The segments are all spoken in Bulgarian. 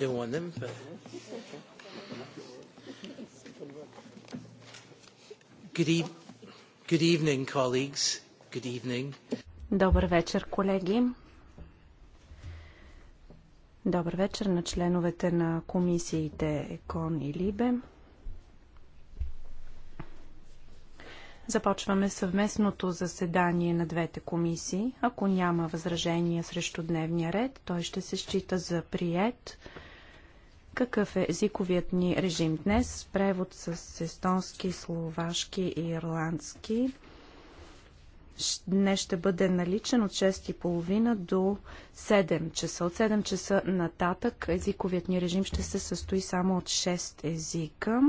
don't good evening, colleagues. Good evening. Добър вечер, колеги. Добър вечер на членовете на комисиите ЕКОН и ЛИБЕ. Започваме съвместното заседание на двете комисии. Ако няма възражения срещу дневния ред, той ще се счита за прият. Какъв е езиковият ни режим днес? Превод с естонски, словашки и ирландски. Днес ще бъде наличен от 6.30 до 7 часа. От 7 часа нататък езиковият ни режим ще се състои само от 6 езика.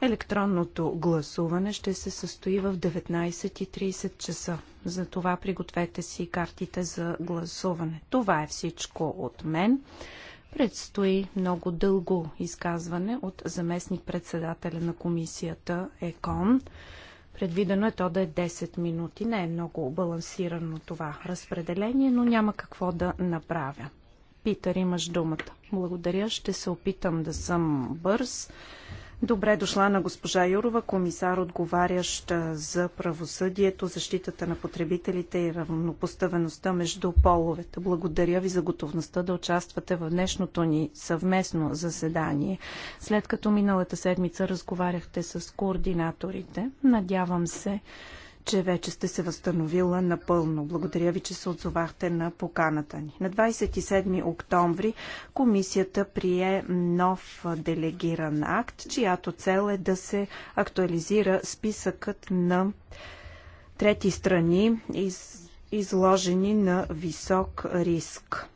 Електронното гласуване ще се състои в 19.30 часа. Затова пригответе си картите за гласуване. Това е всичко от мен. Предстои много дълго изказване от заместник председателя на комисията ЕКОН. Предвидено е то да е 10 минути. Не е много балансирано това разпределение, но няма какво да направя. Питър, имаш думата. Благодаря, ще се опитам да съм бърз. Добре дошла на госпожа Юрова, комисар отговарящ за правосъдието, защитата на потребителите и равнопоставеността между половете. Благодаря ви за готовността да участвате в днешното ни съвместно заседание. След като миналата седмица разговаряхте с координаторите, надявам се, че вече сте се възстановила напълно. Благодаря ви, че се отзовахте на поканата ни. На 27 октомври комисията прие нов делегиран акт, чиято цел е да се актуализира списъкът на трети страни, изложени на висок риск.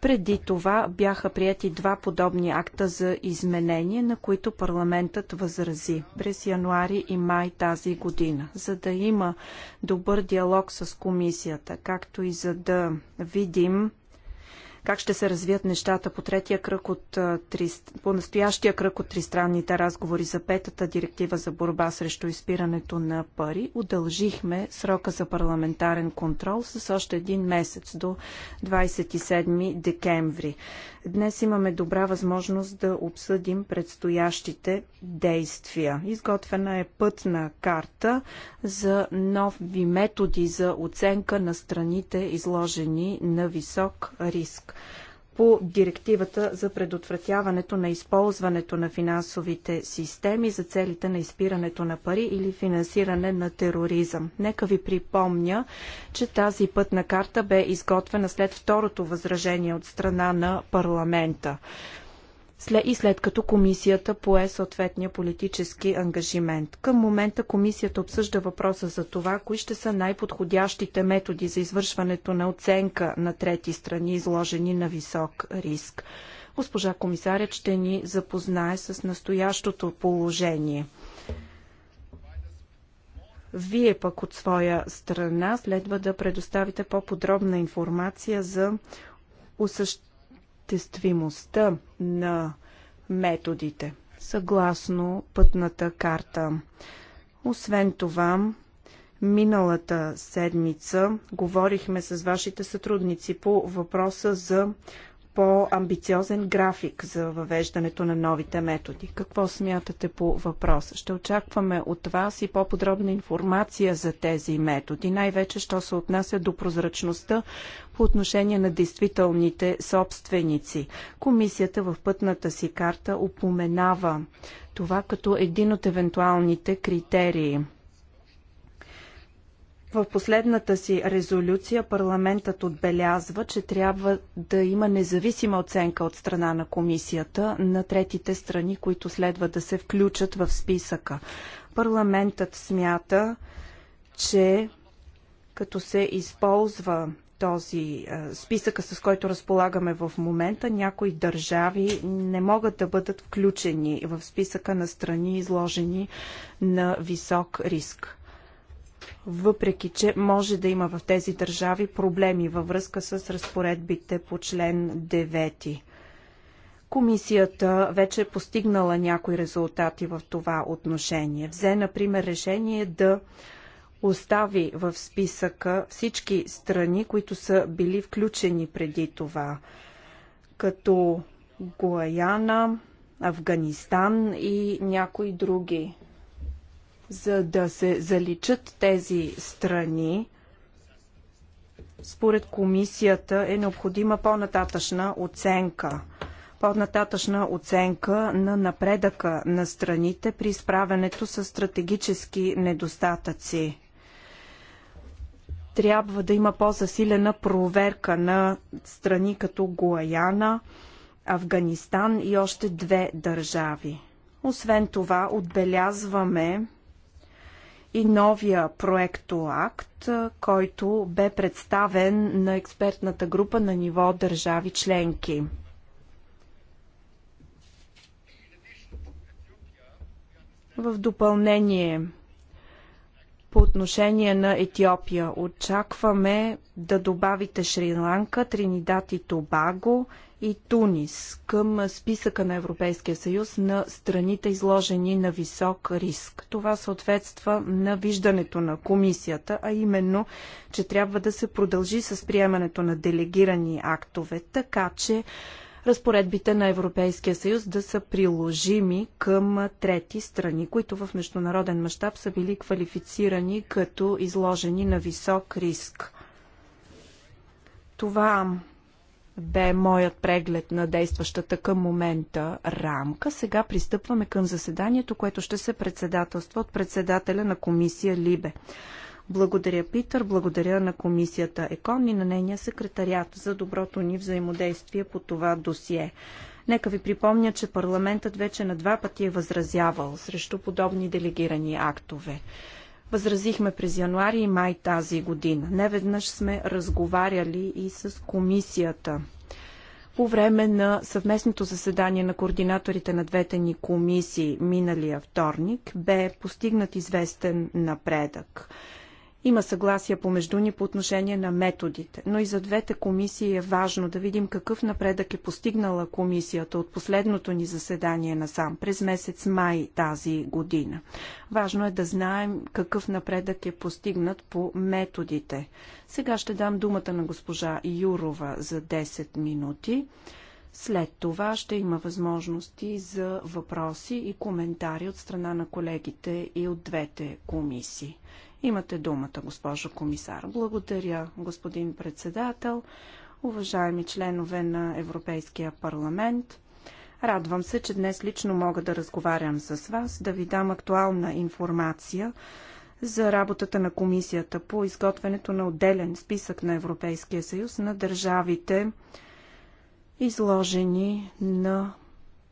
Преди това бяха прияти два подобни акта за изменение, на които парламентът възрази през януари и май тази година. За да има добър диалог с комисията, както и за да видим как ще се развият нещата по третия кръг от по настоящия кръг от тристранните разговори за петата директива за борба срещу изпирането на пари. Удължихме срока за парламентарен контрол с още един месец до 27 декември. Днес имаме добра възможност да обсъдим предстоящите действия. Изготвена е пътна карта за нови методи за оценка на страните, изложени на висок риск по директивата за предотвратяването на използването на финансовите системи за целите на изпирането на пари или финансиране на тероризъм. Нека ви припомня, че тази пътна карта бе изготвена след второто възражение от страна на парламента след и след като комисията пое съответния политически ангажимент. Към момента комисията обсъжда въпроса за това, кои ще са най-подходящите методи за извършването на оценка на трети страни, изложени на висок риск. Госпожа комисарят ще ни запознае с настоящото положение. Вие пък от своя страна следва да предоставите по-подробна информация за осъщ тествимостта на методите, съгласно пътната карта. Освен това, миналата седмица говорихме с вашите сътрудници по въпроса за по-амбициозен график за въвеждането на новите методи. Какво смятате по въпроса? Ще очакваме от вас и по-подробна информация за тези методи, най-вече, що се отнася до прозрачността по отношение на действителните собственици. Комисията в пътната си карта упоменава това като един от евентуалните критерии – в последната си резолюция парламентът отбелязва, че трябва да има независима оценка от страна на комисията на третите страни, които следва да се включат в списъка. Парламентът смята, че като се използва този е, списъка, с който разполагаме в момента, някои държави не могат да бъдат включени в списъка на страни, изложени на висок риск въпреки че може да има в тези държави проблеми във връзка с разпоредбите по член 9. Комисията вече е постигнала някои резултати в това отношение. Взе, например, решение да остави в списъка всички страни, които са били включени преди това, като Гуаяна, Афганистан и някои други за да се заличат тези страни, според комисията е необходима по-нататъчна оценка. По-нататъчна оценка на напредъка на страните при справянето с стратегически недостатъци. Трябва да има по-засилена проверка на страни като Гуаяна, Афганистан и още две държави. Освен това, отбелязваме и новия проектоакт, който бе представен на експертната група на ниво държави членки. В допълнение по отношение на Етиопия. Очакваме да добавите Шри-Ланка, Тринидад и Тобаго и Тунис към списъка на Европейския съюз на страните изложени на висок риск. Това съответства на виждането на комисията, а именно, че трябва да се продължи с приемането на делегирани актове, така че разпоредбите на Европейския съюз да са приложими към трети страни, които в международен мащаб са били квалифицирани като изложени на висок риск. Това бе моят преглед на действащата към момента рамка. Сега пристъпваме към заседанието, което ще се председателства от председателя на комисия Либе. Благодаря, Питър. Благодаря на комисията ЕКОН и на нейния секретарят за доброто ни взаимодействие по това досие. Нека ви припомня, че парламентът вече на два пъти е възразявал срещу подобни делегирани актове. Възразихме през януари и май тази година. Неведнъж сме разговаряли и с комисията по време на съвместното заседание на координаторите на двете ни комисии миналия вторник бе постигнат известен напредък. Има съгласие помежду ни по отношение на методите, но и за двете комисии е важно да видим какъв напредък е постигнала комисията от последното ни заседание насам през месец май тази година. Важно е да знаем какъв напредък е постигнат по методите. Сега ще дам думата на госпожа Юрова за 10 минути. След това ще има възможности за въпроси и коментари от страна на колегите и от двете комисии. Имате думата, госпожо комисар. Благодаря, господин председател, уважаеми членове на Европейския парламент. Радвам се, че днес лично мога да разговарям с вас, да ви дам актуална информация за работата на комисията по изготвянето на отделен списък на Европейския съюз на държавите, изложени на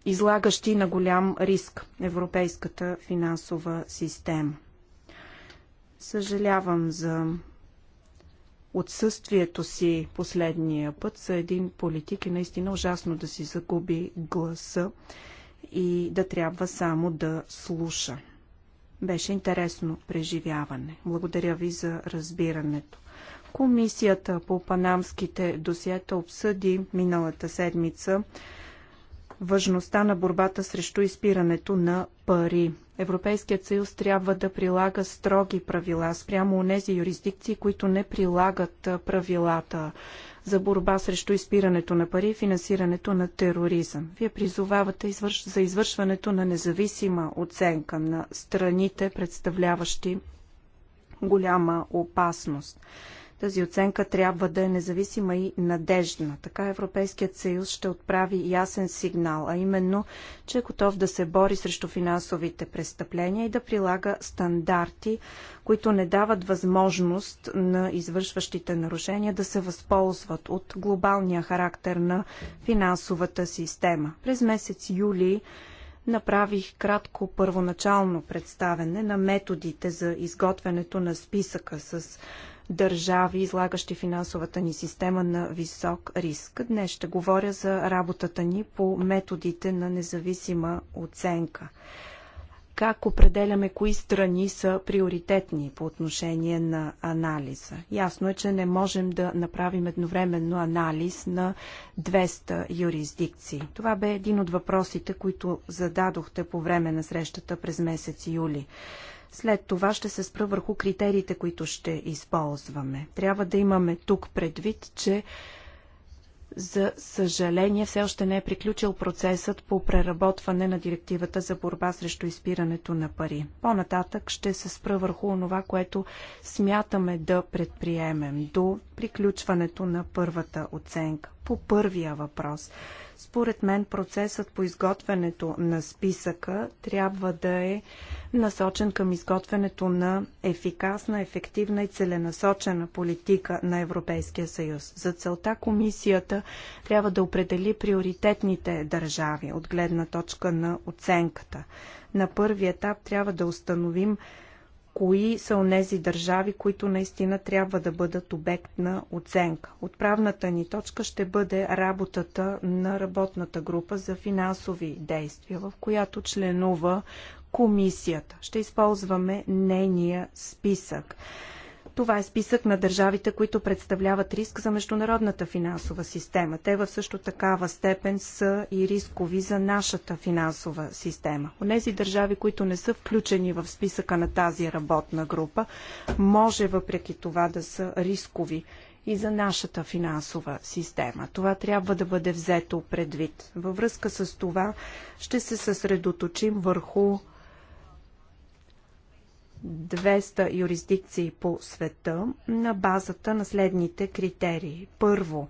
излагащи на голям риск европейската финансова система. Съжалявам за отсъствието си последния път. За един политик и е наистина ужасно да си загуби гласа и да трябва само да слуша. Беше интересно преживяване. Благодаря ви за разбирането. Комисията по панамските досиета обсъди миналата седмица важността на борбата срещу изпирането на пари. Европейският съюз трябва да прилага строги правила спрямо онези юрисдикции, които не прилагат правилата за борба срещу изпирането на пари и финансирането на тероризъм. Вие призовавате за извършването на независима оценка на страните, представляващи голяма опасност. Тази оценка трябва да е независима и надежна. Така Европейският съюз ще отправи ясен сигнал, а именно, че е готов да се бори срещу финансовите престъпления и да прилага стандарти, които не дават възможност на извършващите нарушения да се възползват от глобалния характер на финансовата система. През месец юли направих кратко първоначално представене на методите за изготвянето на списъка с държави, излагащи финансовата ни система на висок риск. Днес ще говоря за работата ни по методите на независима оценка. Как определяме кои страни са приоритетни по отношение на анализа? Ясно е, че не можем да направим едновременно анализ на 200 юрисдикции. Това бе един от въпросите, които зададохте по време на срещата през месец юли. След това ще се спра върху критериите, които ще използваме. Трябва да имаме тук предвид, че за съжаление, все още не е приключил процесът по преработване на директивата за борба срещу изпирането на пари. По-нататък ще се спра върху това, което смятаме да предприемем до приключването на първата оценка. По първия въпрос според мен процесът по изготвянето на списъка трябва да е насочен към изготвянето на ефикасна, ефективна и целенасочена политика на Европейския съюз. За целта комисията трябва да определи приоритетните държави от гледна точка на оценката. На първи етап трябва да установим кои са онези държави, които наистина трябва да бъдат обект на оценка. Отправната ни точка ще бъде работата на работната група за финансови действия, в която членува комисията. Ще използваме нейния списък. Това е списък на държавите, които представляват риск за международната финансова система. Те в също такава степен са и рискови за нашата финансова система. Онези държави, които не са включени в списъка на тази работна група, може въпреки това да са рискови и за нашата финансова система. Това трябва да бъде взето предвид. Във връзка с това ще се съсредоточим върху 200 юрисдикции по света на базата на следните критерии. Първо,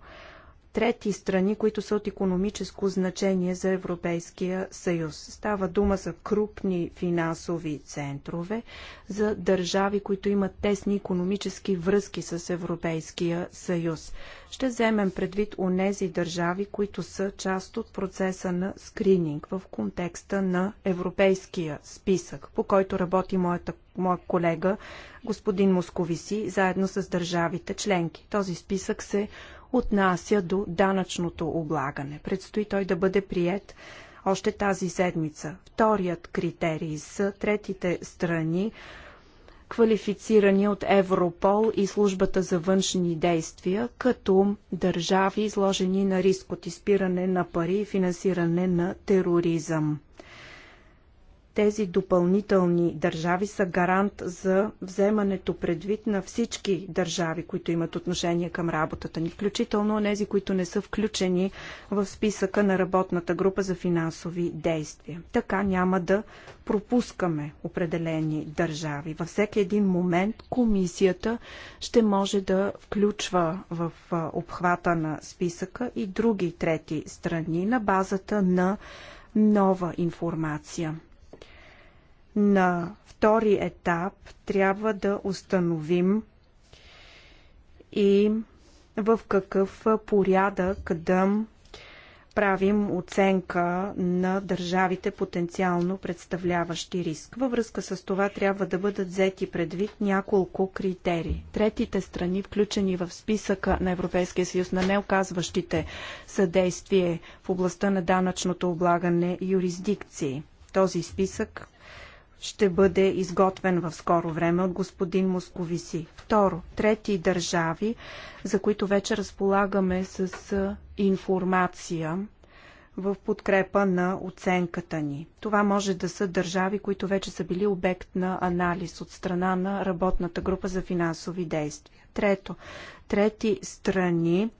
трети страни, които са от економическо значение за Европейския съюз. Става дума за крупни финансови центрове, за държави, които имат тесни економически връзки с Европейския съюз. Ще вземем предвид онези държави, които са част от процеса на скрининг в контекста на европейския списък, по който работи моята, моя колега господин Московиси, заедно с държавите членки. Този списък се отнася до данъчното облагане. Предстои той да бъде прият още тази седмица. Вторият критерий са третите страни, квалифицирани от Европол и службата за външни действия като държави, изложени на риск от изпиране на пари и финансиране на тероризъм. Тези допълнителни държави са гарант за вземането предвид на всички държави, които имат отношение към работата ни, включително тези, които не са включени в списъка на работната група за финансови действия. Така няма да пропускаме определени държави. Във всеки един момент комисията ще може да включва в обхвата на списъка и други трети страни на базата на нова информация. На втори етап трябва да установим и в какъв порядък да правим оценка на държавите потенциално представляващи риск. Във връзка с това трябва да бъдат взети предвид няколко критерии. Третите страни, включени в списъка на Европейския съюз на неоказващите съдействие в областта на данъчното облагане юрисдикции. Този списък ще бъде изготвен в скоро време от господин Московиси. Второ, трети държави, за които вече разполагаме с информация в подкрепа на оценката ни. Това може да са държави, които вече са били обект на анализ от страна на работната група за финансови действия. Трето, трети страни,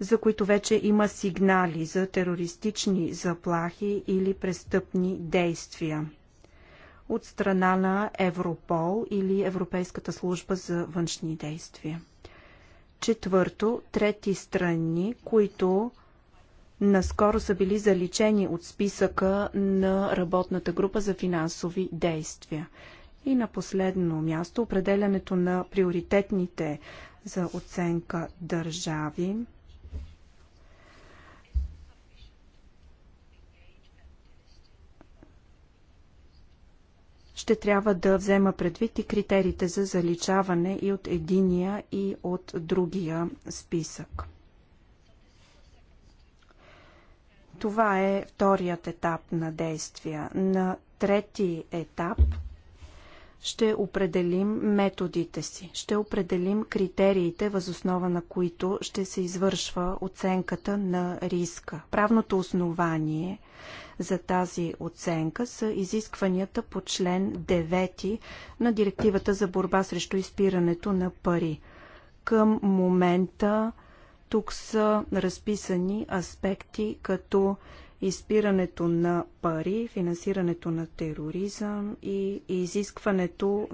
за които вече има сигнали за терористични заплахи или престъпни действия от страна на Европол или Европейската служба за външни действия. Четвърто, трети страни, които наскоро са били заличени от списъка на работната група за финансови действия. И на последно място определянето на приоритетните за оценка държави ще трябва да взема предвид и критериите за заличаване и от единия и от другия списък. Това е вторият етап на действия. На трети етап ще определим методите си, ще определим критериите, възоснова на които ще се извършва оценката на риска. Правното основание за тази оценка са изискванията по член 9 на Директивата за борба срещу изпирането на пари. Към момента тук са разписани аспекти като изпирането на пари, финансирането на тероризъм и изискването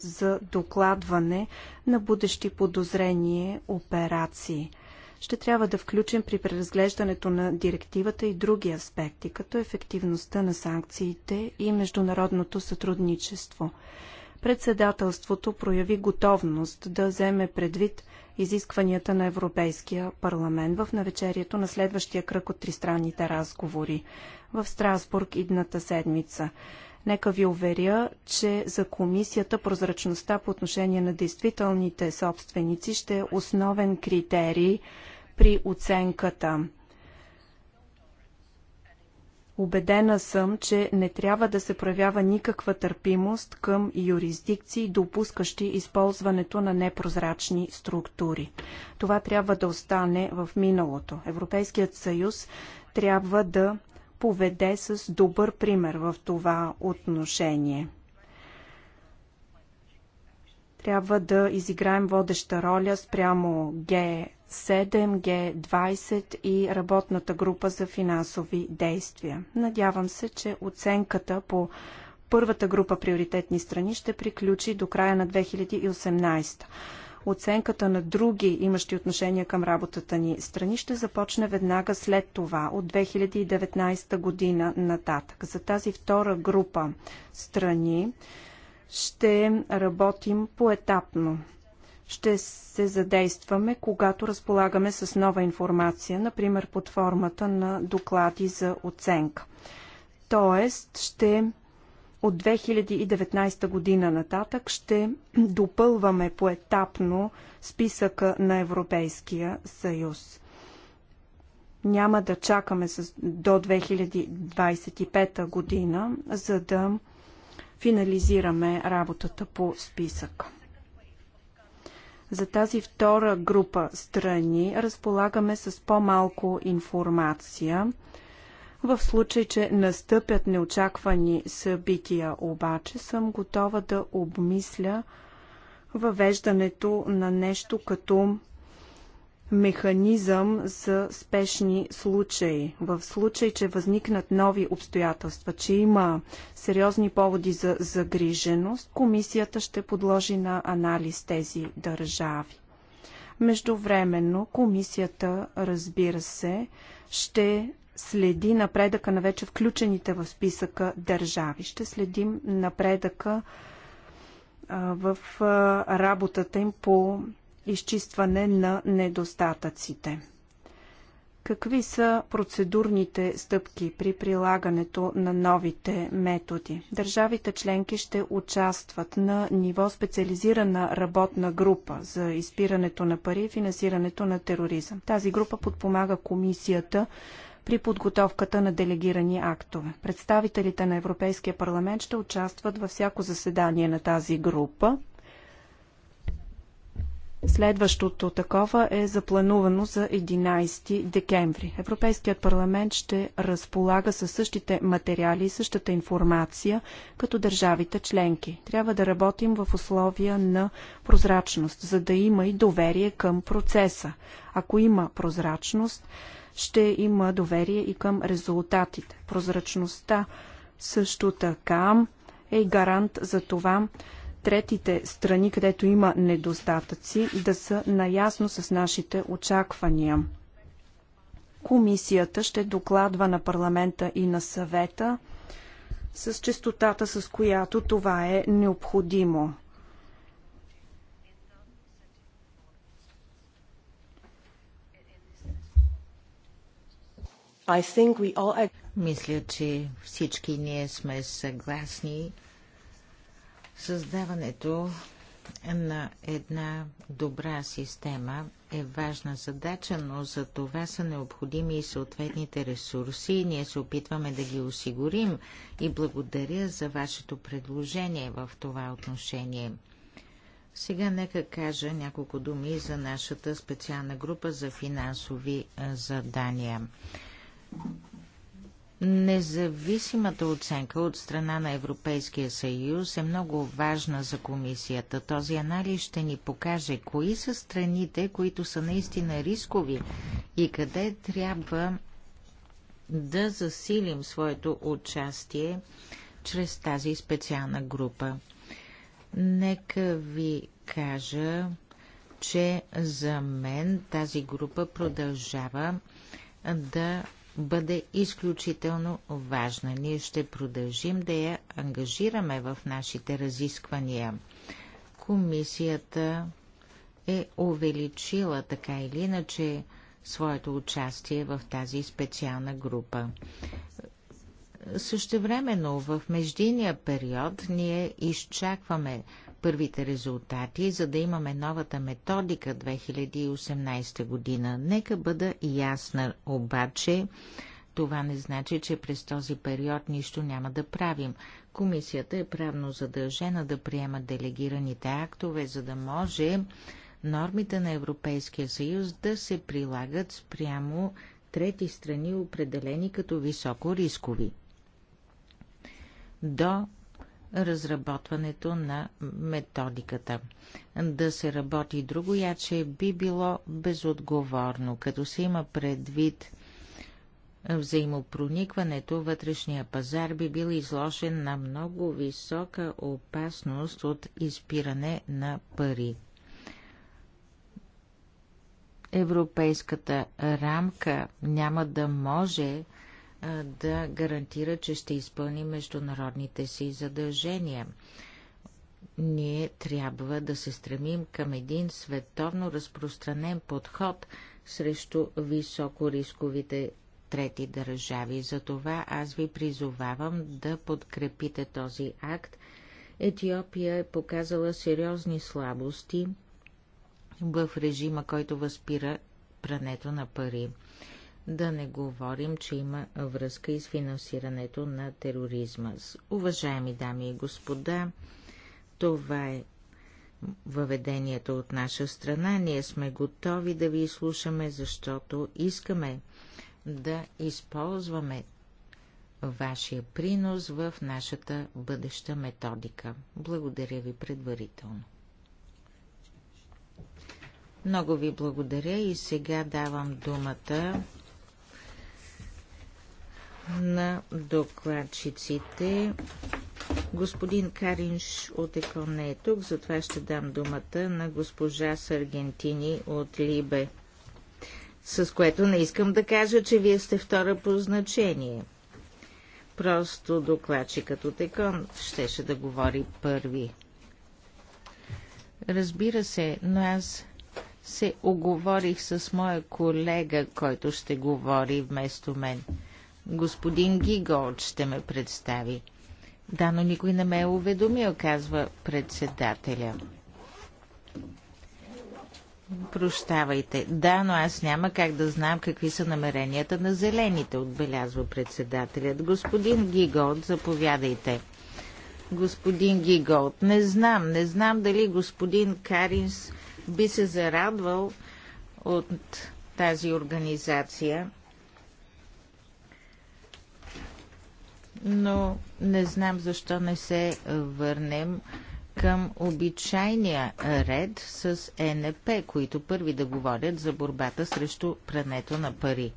за докладване на будещи подозрение операции – ще трябва да включим при преразглеждането на директивата и други аспекти, като ефективността на санкциите и международното сътрудничество. Председателството прояви готовност да вземе предвид изискванията на Европейския парламент в навечерието на следващия кръг от тристранните разговори в Страсбург идната седмица. Нека ви уверя, че за комисията прозрачността по отношение на действителните собственици ще е основен критерий при оценката. Убедена съм, че не трябва да се проявява никаква търпимост към юрисдикции, допускащи използването на непрозрачни структури. Това трябва да остане в миналото. Европейският съюз трябва да поведе с добър пример в това отношение. Трябва да изиграем водеща роля спрямо Г7, Г20 и работната група за финансови действия. Надявам се, че оценката по първата група приоритетни страни ще приключи до края на 2018. Оценката на други, имащи отношение към работата ни страни, ще започне веднага след това, от 2019 година нататък. За тази втора група страни ще работим поетапно ще се задействаме, когато разполагаме с нова информация, например под формата на доклади за оценка. Тоест, ще от 2019 година нататък ще допълваме поетапно списъка на Европейския съюз. Няма да чакаме с, до 2025 година, за да финализираме работата по списъка. За тази втора група страни разполагаме с по-малко информация. В случай, че настъпят неочаквани събития, обаче съм готова да обмисля въвеждането на нещо като механизъм за спешни случаи. В случай, че възникнат нови обстоятелства, че има сериозни поводи за загриженост, комисията ще подложи на анализ тези държави. Междувременно комисията, разбира се, ще следи напредъка на вече включените в списъка държави. Ще следим напредъка в работата им по изчистване на недостатъците. Какви са процедурните стъпки при прилагането на новите методи? Държавите членки ще участват на ниво специализирана работна група за изпирането на пари и финансирането на тероризъм. Тази група подпомага комисията при подготовката на делегирани актове. Представителите на Европейския парламент ще участват във всяко заседание на тази група. Следващото такова е запланувано за 11 декември. Европейският парламент ще разполага със същите материали и същата информация като държавите членки. Трябва да работим в условия на прозрачност, за да има и доверие към процеса. Ако има прозрачност, ще има доверие и към резултатите. Прозрачността също така е гарант за това третите страни, където има недостатъци, да са наясно с нашите очаквания. Комисията ще докладва на парламента и на съвета с частотата, с която това е необходимо. All... Мисля, че всички ние сме съгласни. Създаването на една добра система е важна задача, но за това са необходими и съответните ресурси. Ние се опитваме да ги осигурим и благодаря за вашето предложение в това отношение. Сега нека кажа няколко думи за нашата специална група за финансови задания. Независимата оценка от страна на Европейския съюз е много важна за комисията. Този анализ ще ни покаже кои са страните, които са наистина рискови и къде трябва да засилим своето участие чрез тази специална група. Нека ви кажа, че за мен тази група продължава да бъде изключително важна. Ние ще продължим да я ангажираме в нашите разисквания. Комисията е увеличила така или иначе своето участие в тази специална група. Същевременно в междиния период ние изчакваме първите резултати, за да имаме новата методика 2018 година. Нека бъда ясна, обаче това не значи, че през този период нищо няма да правим. Комисията е правно задължена да приема делегираните актове, за да може нормите на Европейския съюз да се прилагат спрямо трети страни, определени като високо рискови. До разработването на методиката. Да се работи друго яче би било безотговорно, като се има предвид взаимопроникването, вътрешния пазар би бил изложен на много висока опасност от изпиране на пари. Европейската рамка няма да може да гарантира, че ще изпълни международните си задължения. Ние трябва да се стремим към един световно разпространен подход срещу високорисковите трети държави. Затова аз ви призовавам да подкрепите този акт. Етиопия е показала сериозни слабости в режима, който възпира прането на пари. Да не говорим, че има връзка и с финансирането на тероризма. Уважаеми дами и господа, това е въведението от наша страна. Ние сме готови да ви слушаме, защото искаме да използваме вашия принос в нашата бъдеща методика. Благодаря ви предварително. Много ви благодаря и сега давам думата на докладчиците. Господин Каринш от Екон не е тук, затова ще дам думата на госпожа Саргентини от Либе, с което не искам да кажа, че вие сте втора по значение. Просто докладчикът от Екон щеше да говори първи. Разбира се, но аз се оговорих с моя колега, който ще говори вместо мен. Господин Гиголд ще ме представи. Да, но никой не ме е уведомил, казва председателя. Прощавайте. Да, но аз няма как да знам какви са намеренията на зелените, отбелязва председателят. Господин Гиголд, заповядайте. Господин Гиголд, не знам, не знам дали господин Каринс би се зарадвал от тази организация. но не знам защо не се върнем към обичайния ред с НП, които първи да говорят за борбата срещу прането на пари.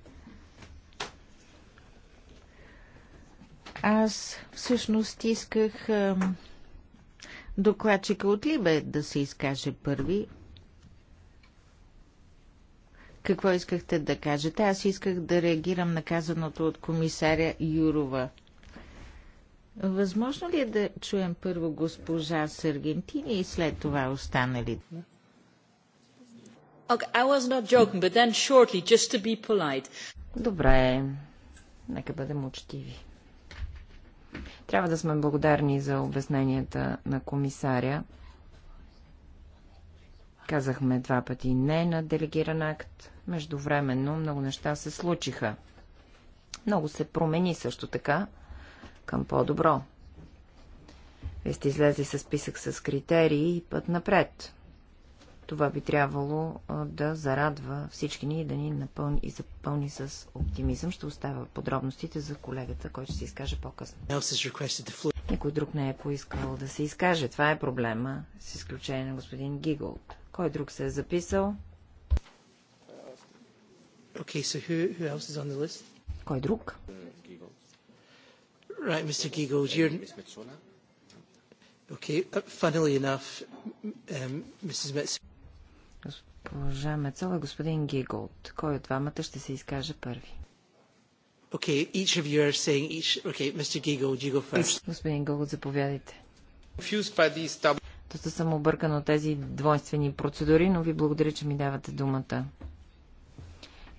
Аз всъщност исках докладчика от Либе да се изкаже първи. Какво искахте да кажете? Аз исках да реагирам на казаното от комисаря Юрова – Възможно ли е да чуем първо госпожа Сергентини и след това останалите? Okay, joking, shortly, Добре, нека бъдем учтиви. Трябва да сме благодарни за обясненията на комисаря. Казахме два пъти не на делегиран акт. Междувременно много неща се случиха. Много се промени също така към по-добро. Вие сте излезли с списък с критерии и път напред. Това би трябвало да зарадва всички ни и да ни напълни и запълни с оптимизъм. Ще оставя подробностите за колегата, който ще се изкаже по-късно. Никой друг не е поискал да се изкаже. Това е проблема, с изключение на господин Гиголд. Кой друг се е записал? Okay, so who, who Кой друг? Right, Mr. Giegold, you're... Okay, uh, funnily enough, um, Mrs. Metzola... Госпожа Мецола, господин Гиголд. Кой от двамата ще се изкаже първи? Okay, each of you are saying each... Okay, Mr. Giegold, you go first. Господин Гиголд, заповядайте. Доста съм объркан от тези двойствени процедури, но ви благодаря, че ми давате думата.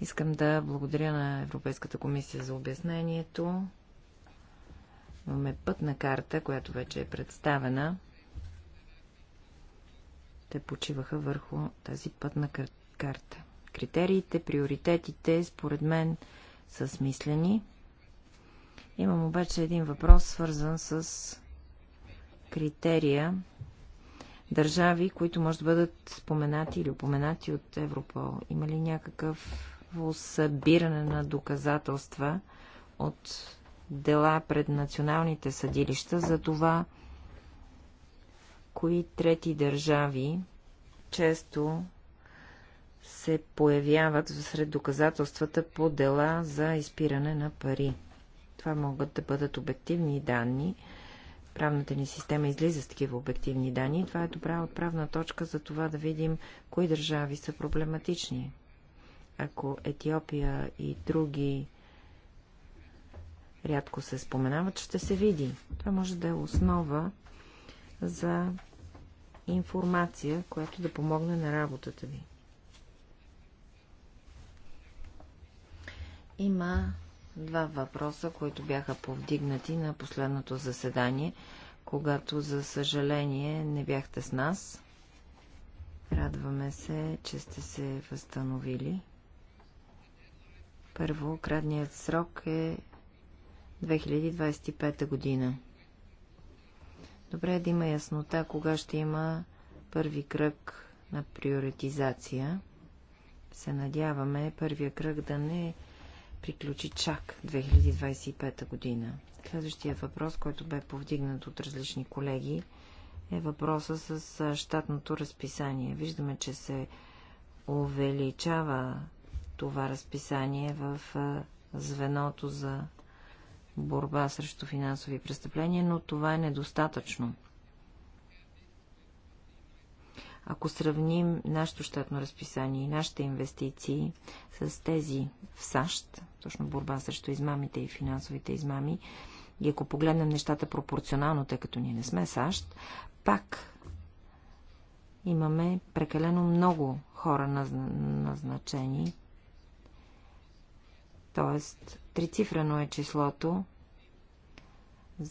Искам да благодаря на Европейската комисия за обяснението. Имаме пътна карта, която вече е представена. Те почиваха върху тази пътна карта. Критериите, приоритетите, според мен, са смислени. Имам обаче един въпрос, свързан с критерия държави, които може да бъдат споменати или упоменати от Европол. Има ли някакъв събиране на доказателства от дела пред националните съдилища за това, кои трети държави често се появяват сред доказателствата по дела за изпиране на пари. Това могат да бъдат обективни данни. Правната ни система излиза с такива обективни данни. Това е добра отправна точка за това да видим кои държави са проблематични. Ако Етиопия и други рядко се споменават, ще се види. Това може да е основа за информация, която да помогне на работата ви. Има два въпроса, които бяха повдигнати на последното заседание, когато, за съжаление, не бяхте с нас. Радваме се, че сте се възстановили. Първо, крадният срок е 2025 година. Добре е да има яснота, кога ще има първи кръг на приоритизация. Се надяваме първия кръг да не приключи чак 2025 година. Следващия въпрос, който бе повдигнат от различни колеги, е въпроса с щатното разписание. Виждаме, че се увеличава това разписание в звеното за борба срещу финансови престъпления, но това е недостатъчно. Ако сравним нашето щатно разписание и нашите инвестиции с тези в САЩ, точно борба срещу измамите и финансовите измами, и ако погледнем нещата пропорционално, тъй като ние не сме САЩ, пак имаме прекалено много хора назначени т.е. трицифрено е числото,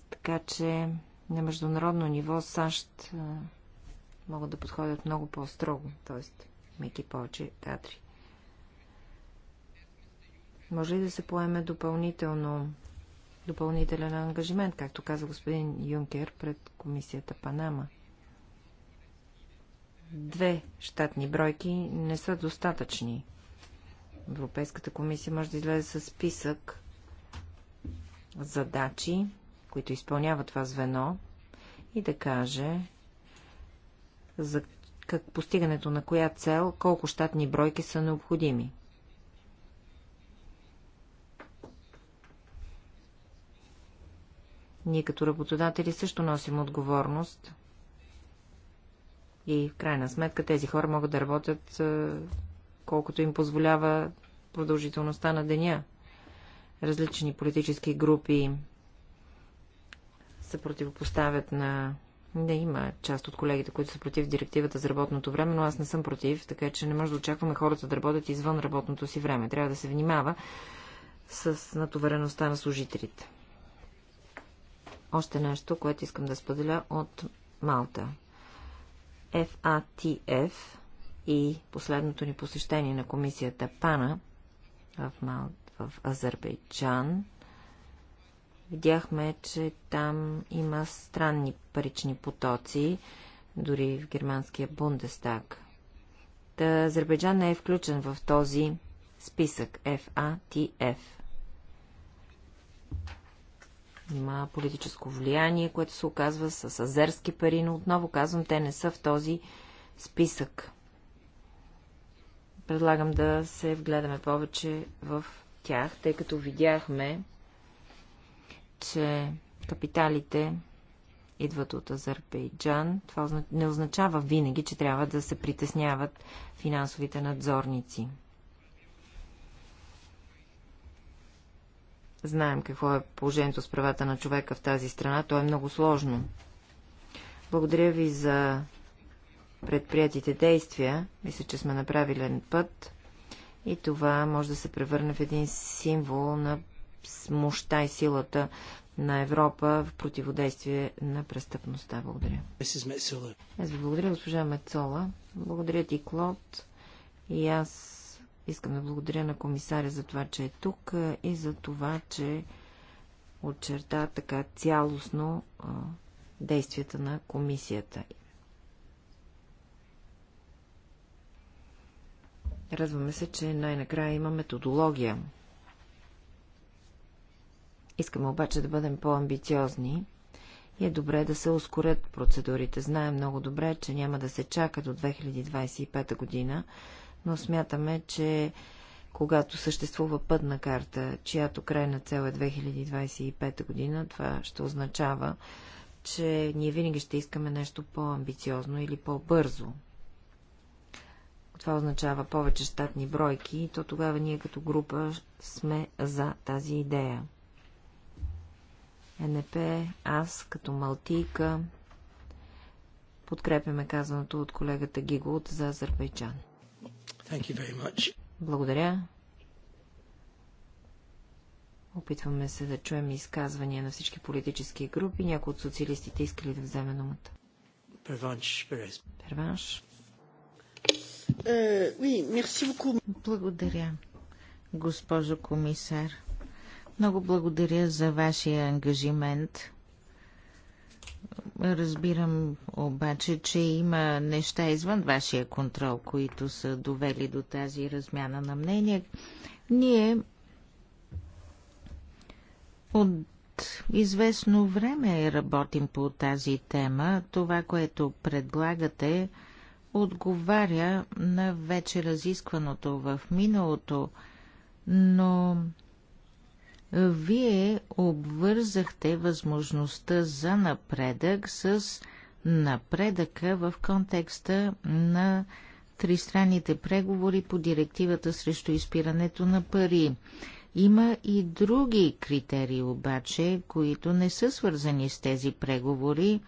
така че на международно ниво САЩ могат да подходят много по-строго, т.е. мики повече театри. Може ли да се поеме допълнително допълнителен ангажимент, както каза господин Юнкер пред комисията Панама? Две щатни бройки не са достатъчни. Европейската комисия може да излезе с списък задачи, които изпълнява това звено и да каже за как постигането на коя цел, колко щатни бройки са необходими. Ние като работодатели също носим отговорност и в крайна сметка тези хора могат да работят е, колкото им позволява продължителността на деня. Различни политически групи се противопоставят на... Не, има част от колегите, които са против директивата за работното време, но аз не съм против, така че не може да очакваме хората да работят извън работното си време. Трябва да се внимава с натовареността на служителите. Още нещо, което искам да споделя от Малта. FATF и последното ни посещение на комисията ПАНА в, Мал... в Азербайджан, видяхме, че там има странни парични потоци, дори в германския Бундестаг. Та Азербайджан не е включен в този списък FATF. Има политическо влияние, което се оказва с азерски пари, но отново казвам, те не са в този списък. Предлагам да се вгледаме повече в тях, тъй като видяхме, че капиталите идват от Азербайджан. Това не означава винаги, че трябва да се притесняват финансовите надзорници. Знаем какво е положението с правата на човека в тази страна. То е много сложно. Благодаря ви за предприятите действия, мисля, че сме направили път и това може да се превърне в един символ на мощта и силата на Европа в противодействие на престъпността. Благодаря. Аз ви благодаря, госпожа Мецола. Благодаря ти, Клод. И аз искам да благодаря на комисаря за това, че е тук и за това, че очерта така цялостно действията на комисията. Радваме се, че най-накрая има методология. Искаме обаче да бъдем по-амбициозни и е добре да се ускорят процедурите. Знаем много добре, че няма да се чака до 2025 година, но смятаме, че когато съществува пътна карта, чиято крайна цел е 2025 година, това ще означава, че ние винаги ще искаме нещо по-амбициозно или по-бързо това означава повече щатни бройки, то тогава ние като група сме за тази идея. НП, аз като малтийка подкрепяме казаното от колегата Гигулт за Азербайджан. Благодаря. Опитваме се да чуем изказвания на всички политически групи. Някои от социалистите искали да вземе думата. Перванш. Перванш. Euh, благодаря, госпожо комисар. Много благодаря за вашия ангажимент. Разбирам обаче, че има неща извън вашия контрол, които са довели до тази размяна на мнение. Ние от известно време работим по тази тема. Това, което предлагате, отговаря на вече разискваното в миналото, но вие обвързахте възможността за напредък с напредъка в контекста на тристранните преговори по директивата срещу изпирането на пари. Има и други критерии обаче, които не са свързани с тези преговори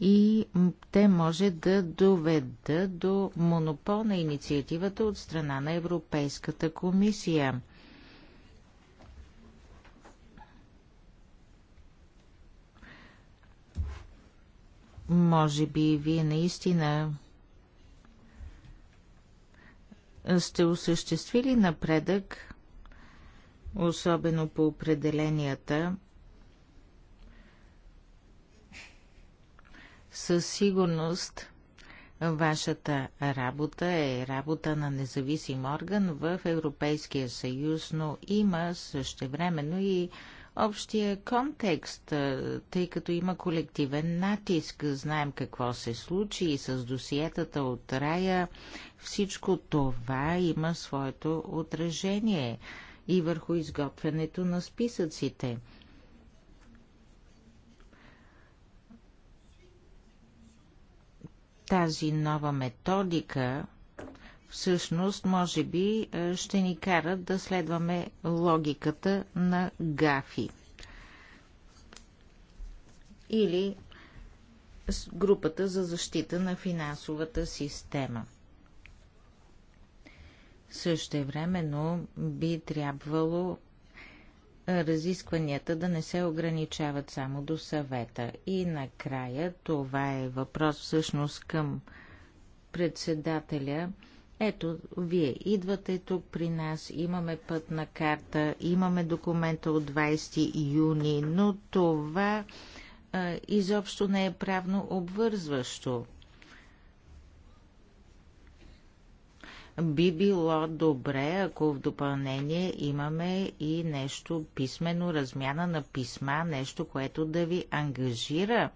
и те може да доведат до монопол на инициативата от страна на Европейската комисия. Може би вие наистина сте осъществили напредък, особено по определенията – Със сигурност вашата работа е работа на независим орган в Европейския съюз, но има същевременно и общия контекст, тъй като има колективен натиск. Знаем какво се случи и с досиетата от рая. Всичко това има своето отражение и върху изготвянето на списъците. Тази нова методика всъщност може би е, ще ни карат да следваме логиката на Гафи. Или групата за защита на финансовата система. времено би трябвало разискванията да не се ограничават само до съвета. И накрая, това е въпрос всъщност към председателя. Ето, вие идвате тук при нас, имаме пътна карта, имаме документа от 20 юни, но това а, изобщо не е правно обвързващо. би било добре, ако в допълнение имаме и нещо писмено, размяна на писма, нещо, което да ви ангажира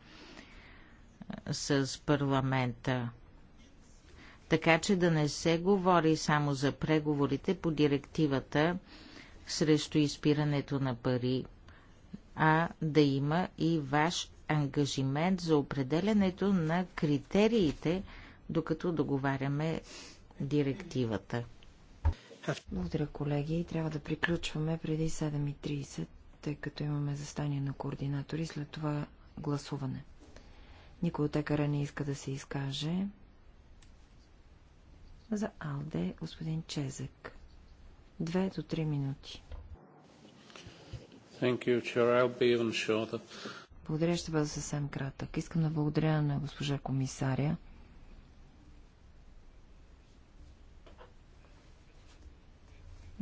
с парламента. Така че да не се говори само за преговорите по директивата срещу изпирането на пари, а да има и ваш ангажимент за определенето на критериите, докато договаряме директивата. Благодаря, колеги. Трябва да приключваме преди 7.30, тъй като имаме застание на координатори, след това гласуване. Никой от екара не иска да се изкаже. За Алде, господин Чезък. Две до три минути. You, Благодаря, ще бъда съвсем кратък. Искам да благодаря на госпожа комисаря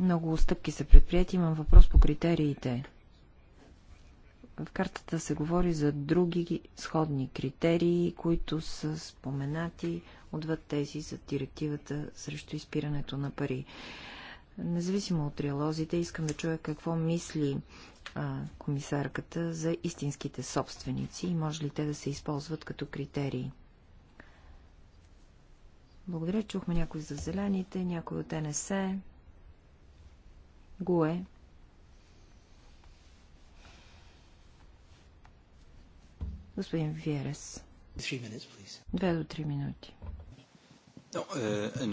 Много стъпки са предприяти. Имам въпрос по критериите. В картата се говори за други сходни критерии, които са споменати отвъд тези за директивата срещу изпирането на пари. Независимо от реалозите, искам да чуя какво мисли а, комисарката за истинските собственици и може ли те да се използват като критерии. Благодаря, чухме някой за зелените, някой от НСЕ. Гуе. Господин Виерес. Две до три минути. Eh,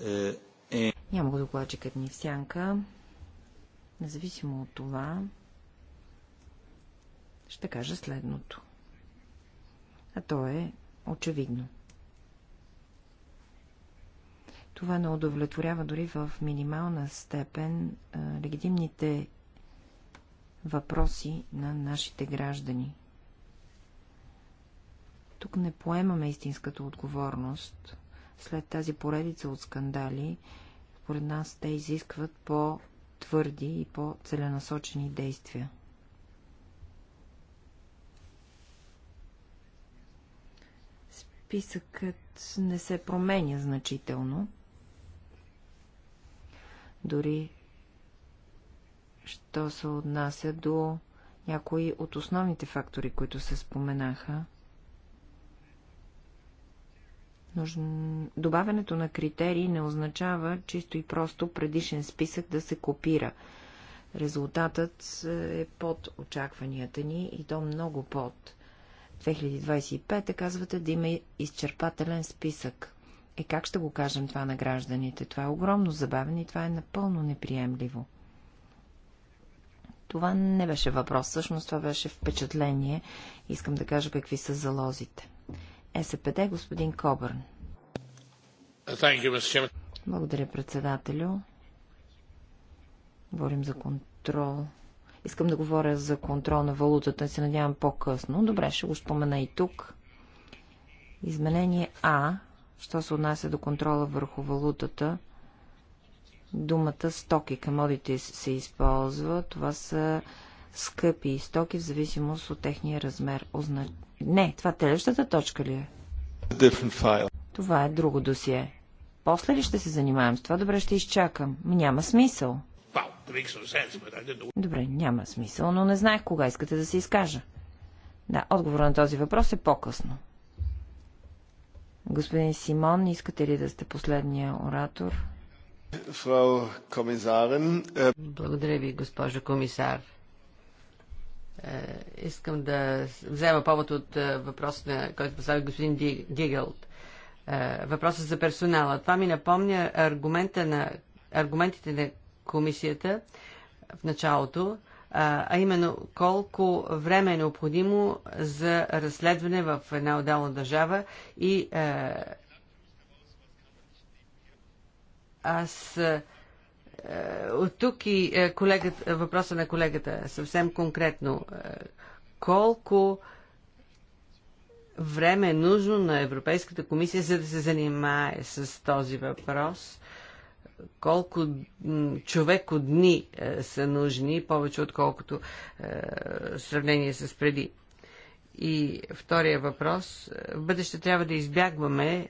eh, eh, Няма го докладчикът ни в сянка. Независимо от това, ще кажа следното. А то е очевидно. Това не удовлетворява дори в минимална степен а, легитимните въпроси на нашите граждани. Тук не поемаме истинската отговорност. След тази поредица от скандали, според нас те изискват по-твърди и по-целенасочени действия. Списъкът не се променя значително дори що се отнася до някои от основните фактори, които се споменаха. Добавянето на критерии не означава чисто и просто предишен списък да се копира. Резултатът е под очакванията ни и то много под. 2025 казвате да има изчерпателен списък. Е как ще го кажем това на гражданите? Това е огромно забавен и това е напълно неприемливо. Това не беше въпрос, всъщност това беше впечатление. Искам да кажа какви са залозите. Е СПД, господин Кобърн. You, Благодаря, председателю. Говорим за контрол. Искам да говоря за контрол на валутата, се надявам по-късно. Добре, ще го спомена и тук. Изменение А що се отнася до контрола върху валутата, думата стоки, камодите се използва. Това са скъпи стоки в зависимост от техния размер. Озна... Не, това телещата точка ли е? Това е друго досие. После ли ще се занимаем с това? Добре, ще изчакам. Няма смисъл. Добре, няма смисъл, но не знаех кога искате да се изкажа. Да, отговор на този въпрос е по-късно. Господин Симон, искате ли да сте последния оратор? Е, Благодаря ви, госпожо комисар. Е, искам да взема повод от е, въпрос, на който постави господин Дигълт. Въпросът за персонала. Това ми напомня аргумента на, аргументите на комисията в началото, а именно колко време е необходимо за разследване в една отделна държава и аз от тук и колегата, въпроса на колегата съвсем конкретно. Колко време е нужно на Европейската комисия, за да се занимае с този въпрос колко човеко дни е, са нужни, повече отколкото е, сравнение с преди. И втория въпрос. Е, в бъдеще трябва да избягваме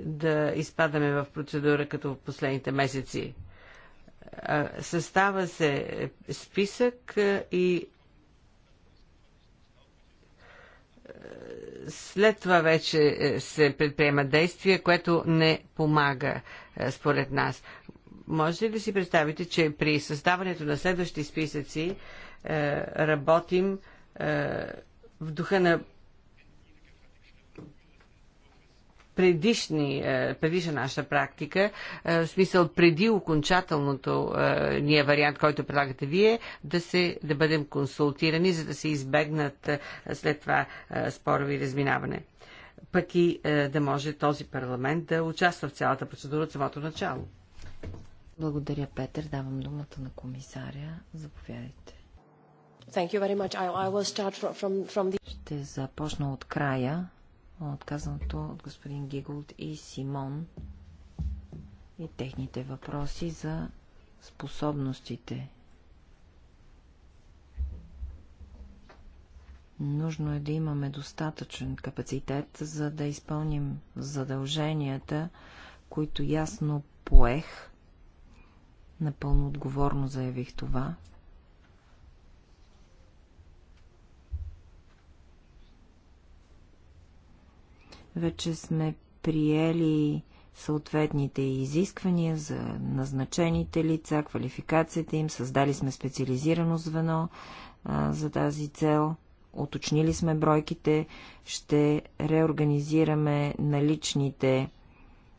да изпадаме в процедура като в последните месеци. Състава се списък и след това вече е, се предприема действие, което не помага е, според нас. Може ли си представите, че при създаването на следващи списъци е, работим в духа на предишни, е, предишна наша практика, е, в смисъл преди окончателното е, ние вариант, който предлагате вие, да, се, да бъдем консултирани, за да се избегнат след това спорови разминаване. Пък и да може този парламент да участва в цялата процедура от самото начало. Благодаря, Петър. Давам думата на комисаря. Заповядайте. Thank you very much. I, I will start from, from the... Ще започна от края отказаното от господин Гиголд и Симон и техните въпроси за способностите. Нужно е да имаме достатъчен капацитет, за да изпълним задълженията, които ясно поех. Напълно отговорно заявих това. Вече сме приели съответните изисквания за назначените лица, квалификацията им, създали сме специализирано звено а, за тази цел, уточнили сме бройките, ще реорганизираме наличните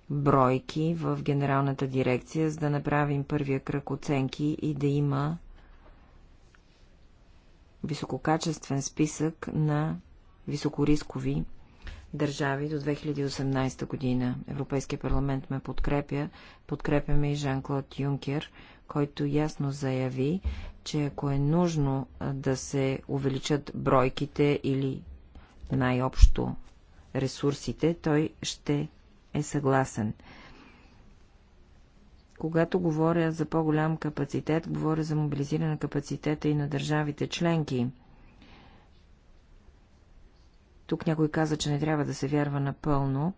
бройки в генералната дирекция, за да направим първия кръг оценки и да има висококачествен списък на високорискови държави до 2018 година. Европейския парламент ме подкрепя, подкрепяме и Жан-Клод Юнкер, който ясно заяви, че ако е нужно да се увеличат бройките или най-общо ресурсите, той ще е съгласен. Когато говоря за по-голям капацитет, говоря за мобилизиране на капацитета и на държавите членки – тук някой каза, че не трябва да се вярва напълно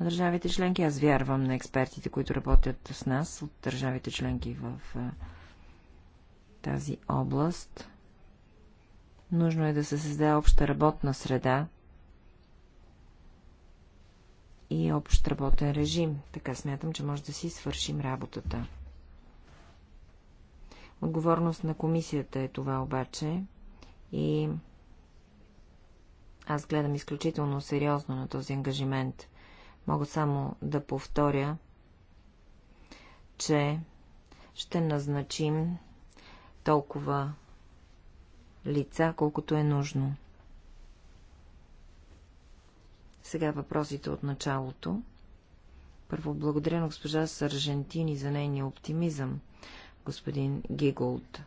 на държавите членки. Аз вярвам на експертите, които работят с нас от държавите членки в тази област. Нужно е да се създаде обща работна среда и общ работен режим. Така смятам, че може да си свършим работата. Отговорност на комисията е това обаче и аз гледам изключително сериозно на този ангажимент. Мога само да повторя, че ще назначим толкова лица, колкото е нужно. Сега въпросите от началото. Първо благодаря на госпожа Саржентини за нейния оптимизъм, господин Гиголд.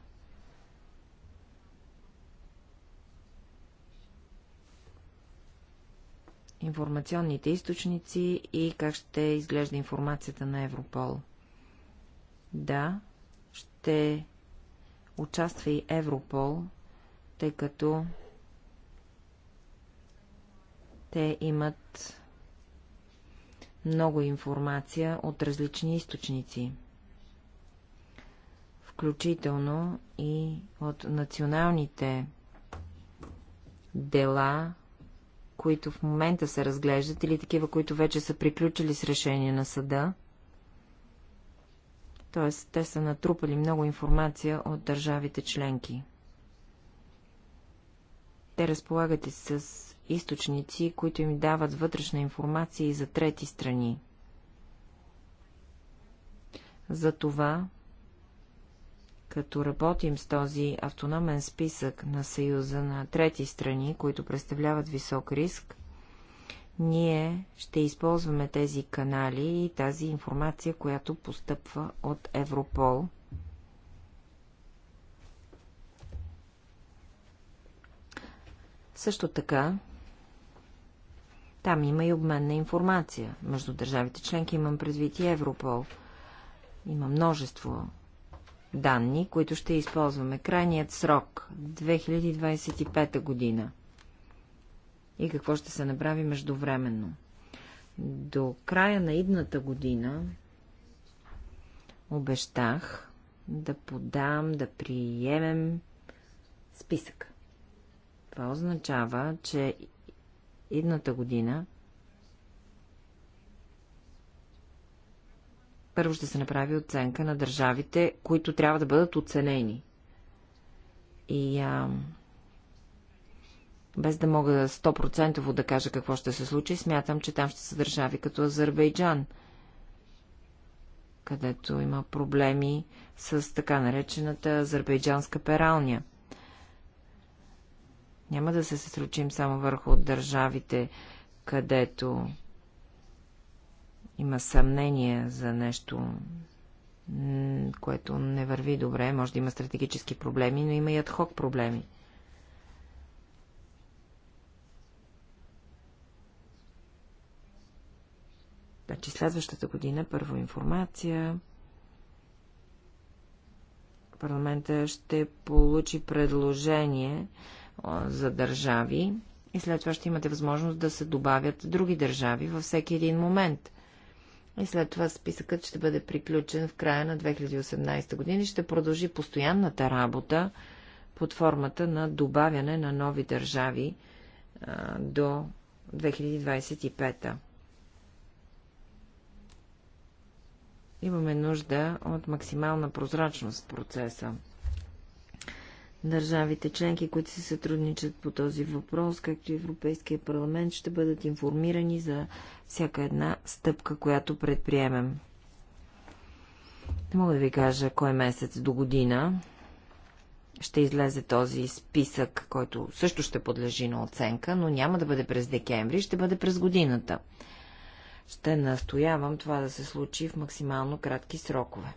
информационните източници и как ще изглежда информацията на Европол. Да, ще участва и Европол, тъй като те имат много информация от различни източници, включително и от националните дела които в момента се разглеждат или такива, които вече са приключили с решение на съда. Тоест, те са натрупали много информация от държавите членки. Те разполагат и с източници, които им дават вътрешна информация и за трети страни. Затова като работим с този автономен списък на Съюза на трети страни, които представляват висок риск, ние ще използваме тези канали и тази информация, която постъпва от Европол. Също така, там има и обмен на информация. Между държавите членки имам предвид и Европол. Има множество данни, които ще използваме. Крайният срок 2025 година. И какво ще се направи междувременно? До края на идната година обещах да подам, да приемем списък. Това означава, че идната година Първо ще се направи оценка на държавите, които трябва да бъдат оценени. И а, без да мога 100% да кажа какво ще се случи, смятам, че там ще са държави като Азербайджан, където има проблеми с така наречената азербайджанска пералня. Няма да се съсредоточим само върху държавите, където има съмнение за нещо, което не върви добре, може да има стратегически проблеми, но има и адхок проблеми. Значи следващата година първо информация. Парламента ще получи предложение за държави и след това ще имате възможност да се добавят други държави във всеки един момент. И след това списъкът ще бъде приключен в края на 2018 година и ще продължи постоянната работа под формата на добавяне на нови държави а, до 2025. Имаме нужда от максимална прозрачност в процеса. Държавите членки, които се сътрудничат по този въпрос, както и Европейския парламент, ще бъдат информирани за всяка една стъпка, която предприемем. Не мога да ви кажа кой месец до година ще излезе този списък, който също ще подлежи на оценка, но няма да бъде през декември, ще бъде през годината. Ще настоявам това да се случи в максимално кратки срокове.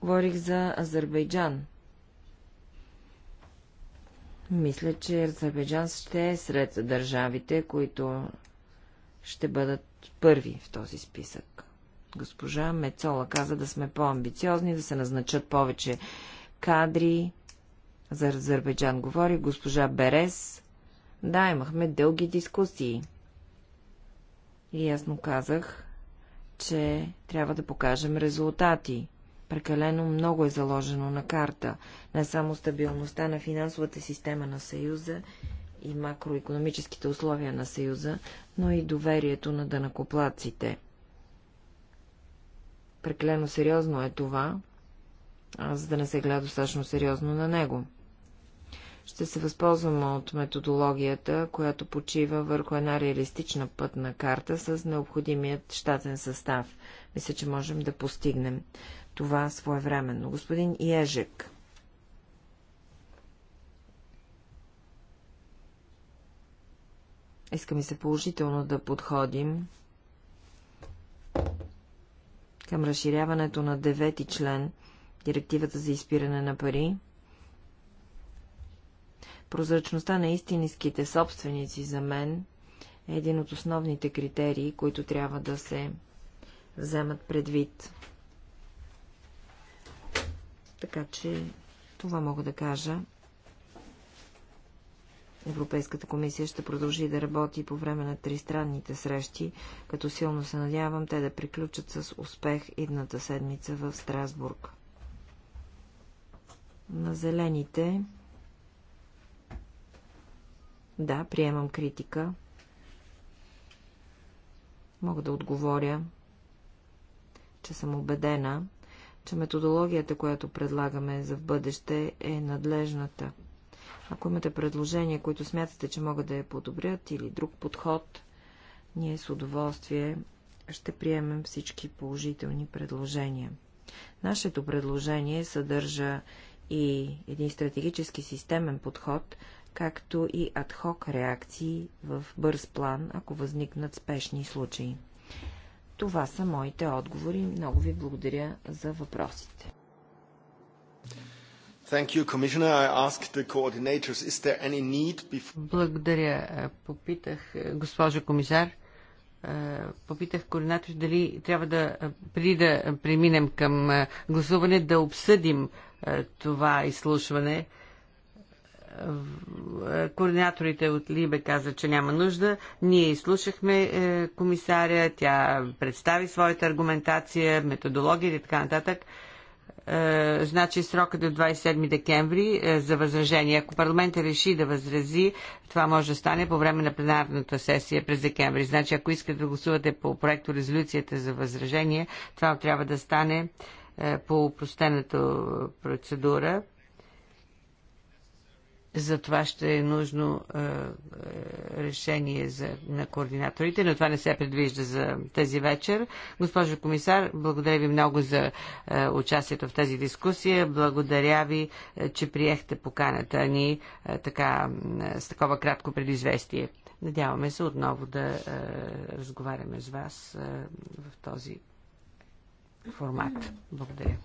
Говорих за Азербайджан. Мисля, че Азербайджан ще е сред държавите, които ще бъдат първи в този списък. Госпожа Мецола каза да сме по-амбициозни, да се назначат повече кадри. За Азербайджан говори госпожа Берес. Да, имахме дълги дискусии. И ясно казах, че трябва да покажем резултати. Прекалено много е заложено на карта. Не само стабилността на финансовата система на Съюза и макроекономическите условия на Съюза, но и доверието на дънакоплаците. Преклено сериозно е това, за да не се гледа достатъчно сериозно на него. Ще се възползваме от методологията, която почива върху една реалистична пътна карта с необходимият щатен състав. Мисля, че можем да постигнем това своевременно. Господин Иежек. Искаме се положително да подходим към разширяването на девети член, директивата за изпиране на пари. Прозрачността на истинските собственици за мен е един от основните критерии, които трябва да се вземат предвид. Така че това мога да кажа Европейската комисия ще продължи да работи по време на тристранните срещи, като силно се надявам те да приключат с успех идната седмица в Страсбург. На зелените. Да, приемам критика. Мога да отговоря, че съм убедена, че методологията, която предлагаме за в бъдеще, е надлежната – ако имате предложения, които смятате, че могат да я подобрят или друг подход, ние с удоволствие ще приемем всички положителни предложения. Нашето предложение съдържа и един стратегически системен подход, както и адхок реакции в бърз план, ако възникнат спешни случаи. Това са моите отговори. Много ви благодаря за въпросите. Благодаря. Е, попитах, е, госпожо комисар, е, попитах координатор дали трябва да, преди да преминем към гласуване, да обсъдим това изслушване. Координаторите от Либе каза, че няма нужда. Ние изслушахме комисаря, тя представи своята аргументация, методологията и така нататък. Е, значи срокът е до 27 декември за възражение. Ако парламентът реши да възрази, това може да стане по време на пленарната сесия през декември. Значи ако искате да гласувате по проекто резолюцията за възражение, това трябва да стане е, по упростената процедура за това ще е нужно е, е, решение за, на координаторите, но това не се предвижда за тази вечер. Госпожо комисар, благодаря ви много за е, участието в тази дискусия. Благодаря ви, е, че приехте поканата ни е, така, е, с такова кратко предизвестие. Надяваме се отново да е, разговаряме с вас е, в този формат. Благодаря.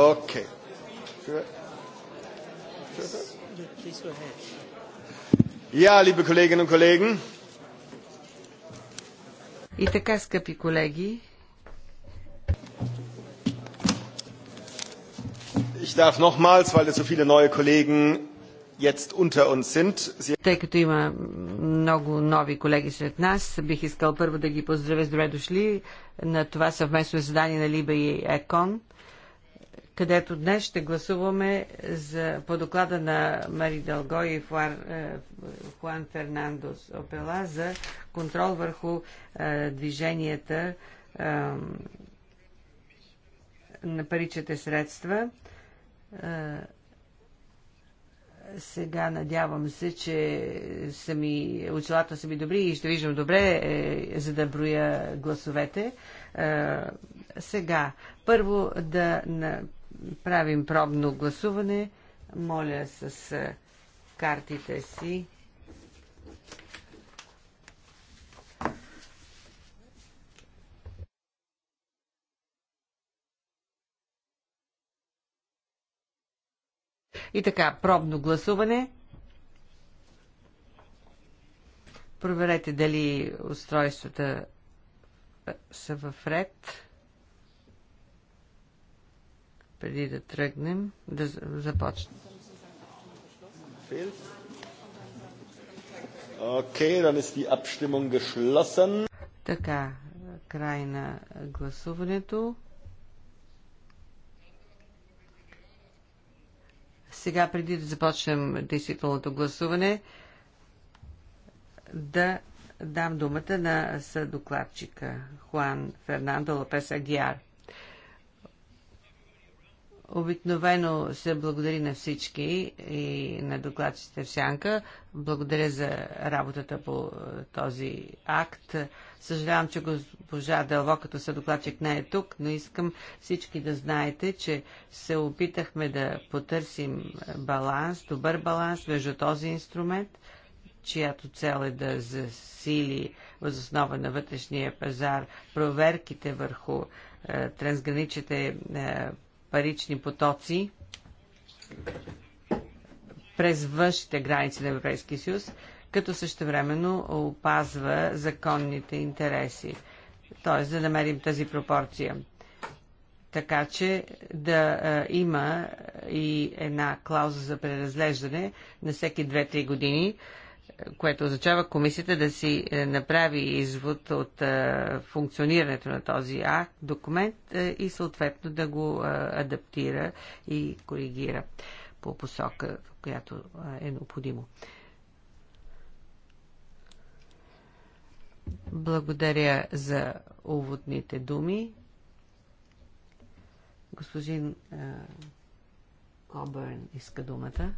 Okay. Ja, liebe Kolleginnen und Kollegen. И така, скъпи колеги, Ich darf nochmals, weil es so viele neue Kollegen jetzt unter uns sind. Тъй като има много нови колеги сред нас, бих искал първо да ги поздравя с добре дошли на това съвместно заседание на Либа и Екон където днес ще гласуваме за, по доклада на Мари Дълго и Фуар, е, Хуан Фернандос Опела за контрол върху е, движенията е, на паричните средства. Е, сега надявам се, че са ми, очилата са ми добри и ще виждам добре, е, за да броя гласовете. Е, сега, първо да на, правим пробно гласуване. Моля с картите си. И така, пробно гласуване. Проверете дали устройствата са в ред преди да тръгнем, да започнем. Okay, dann ist die Abstimmung geschlossen. Така, край на гласуването. Сега, преди да започнем действителното гласуване, да дам думата на съдокладчика Хуан Фернандо Лопес Агиар. Обикновено се благодари на всички и на докладчите в Сянка. Благодаря за работата по е, този акт. Съжалявам, че госпожа Дълво като съдокладчик докладчик не е тук, но искам всички да знаете, че се опитахме да потърсим баланс, добър баланс между този инструмент, чиято цел е да засили възоснова на вътрешния пазар проверките върху е, трансграничните е, парични потоци през външните граници на Европейския съюз, като същевременно опазва законните интереси. Тоест да намерим тази пропорция. Така че да има и една клауза за преразглеждане на всеки 2-3 години, което означава комисията да си е, направи извод от е, функционирането на този акт, документ е, и съответно да го адаптира и коригира по посока, в която е необходимо. Благодаря за уводните думи. Господин Кобърн иска думата.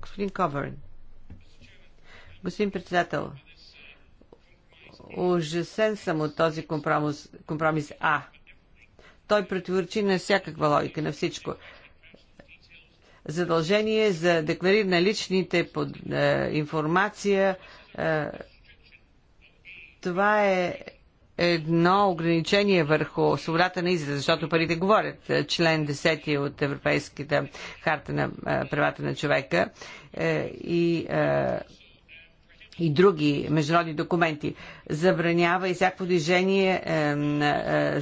Господин Ковърн. Господин председател, ужасен съм от този компромис, компромис А. Той противоречи на всякаква логика, на всичко задължение за деклариране на личните под, е, информация. Е, това е едно ограничение върху свободата на израз, защото парите говорят. Е, член 10 от Европейската харта на е, правата на човека е, и и други международни документи. Забранява и всяко движение, на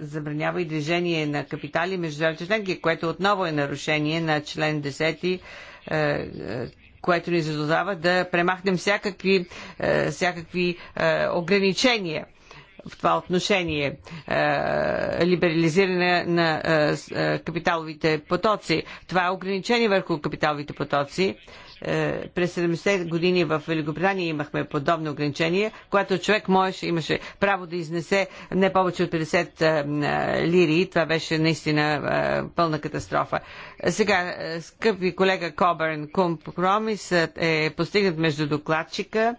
забранява и движение на капитали между държавите членки, което отново е нарушение на член 10 което ни задължава да премахнем всякакви, всякакви ограничения в това отношение е, либерализиране на е, е, капиталовите потоци. Това е ограничение върху капиталовите потоци. През 70 години в Великобритания имахме подобно ограничение, което човек можеше, имаше право да изнесе не повече от 50 лири. Това беше наистина пълна катастрофа. Сега, скъпи колега Кобърн, компромисът е постигнат между докладчика